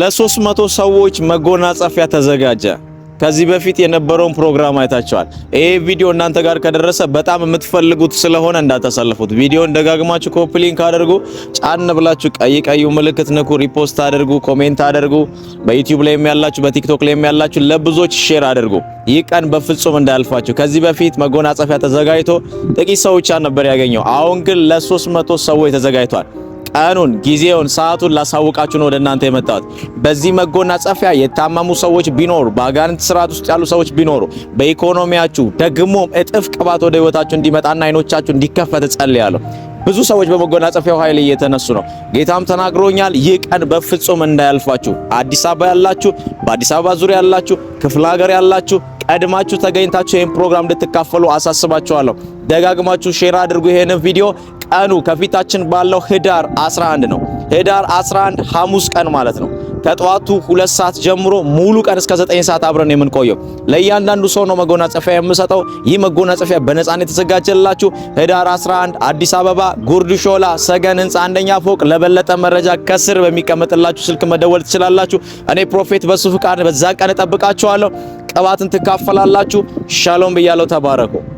ለሶስት መቶ ሰዎች መጎናጸፊያ ተዘጋጀ። ከዚህ በፊት የነበረውን ፕሮግራም አይታችኋል። ይሄ ቪዲዮ እናንተ ጋር ከደረሰ በጣም የምትፈልጉት ስለሆነ እንዳታሳልፉት። ቪዲዮን ደጋግማችሁ ኮፕሊንክ አድርጉ፣ ጫን ብላችሁ ቀይ ቀዩ ምልክት ንኩ፣ ሪፖስት አድርጉ፣ ኮሜንት አድርጉ። በዩቲዩብ ላይ የሚያላችሁ፣ በቲክቶክ ላይ የሚያላችሁ ለብዙዎች ሼር አድርጉ። ይህ ቀን በፍጹም እንዳያልፋችሁ። ከዚህ በፊት መጎናጸፊያ ተዘጋጅቶ ጥቂት ሰው ብቻ ነበር ያገኘው። አሁን ግን ለ300 ሰዎች ተዘጋጅቷል። ቀኑን፣ ጊዜውን፣ ሰዓቱን ላሳውቃችሁ ነው ወደ እናንተ የመጣሁት። በዚህ መጎናጸፊያ የታመሙ ሰዎች ቢኖሩ፣ በአጋንንት ስርዓት ውስጥ ያሉ ሰዎች ቢኖሩ፣ በኢኮኖሚያችሁ ደግሞም እጥፍ ቅባት ወደ ህይወታችሁ እንዲመጣና አይኖቻችሁ እንዲከፈት እጸልያለሁ። ብዙ ሰዎች በመጎናጸፊያው ኃይል እየተነሱ ነው። ጌታም ተናግሮኛል። ይህ ቀን በፍጹም እንዳያልፋችሁ። አዲስ አበባ ያላችሁ፣ በአዲስ አበባ ዙሪያ ያላችሁ፣ ክፍለ ሀገር ያላችሁ ቀድማችሁ ተገኝታችሁ ይህን ፕሮግራም እንድትካፈሉ አሳስባችኋለሁ። ደጋግማችሁ ሼር አድርጉ ይህንን ቪዲዮ። ቀኑ ከፊታችን ባለው ህዳር 11 ነው። ህዳር 11 ሐሙስ ቀን ማለት ነው። ከጠዋቱ ሁለት ሰዓት ጀምሮ ሙሉ ቀን እስከ ዘጠኝ ሰዓት አብረን የምንቆየው ለእያንዳንዱ ሰው ነው መጎናጸፊያ የምሰጠው። ይህ መጎናጸፊያ በነፃ የተዘጋጀላችሁ ህዳር 11 አዲስ አበባ ጉርድ ሾላ ሰገን ህንፃ አንደኛ ፎቅ። ለበለጠ መረጃ ከስር በሚቀመጥላችሁ ስልክ መደወል ትችላላችሁ። እኔ ፕሮፌት በሱ ፍቃድ በዛ ቀን እጠብቃችኋለሁ። ቅባትን ትካፈላላችሁ። ሻሎም ብያለው። ተባረኩ።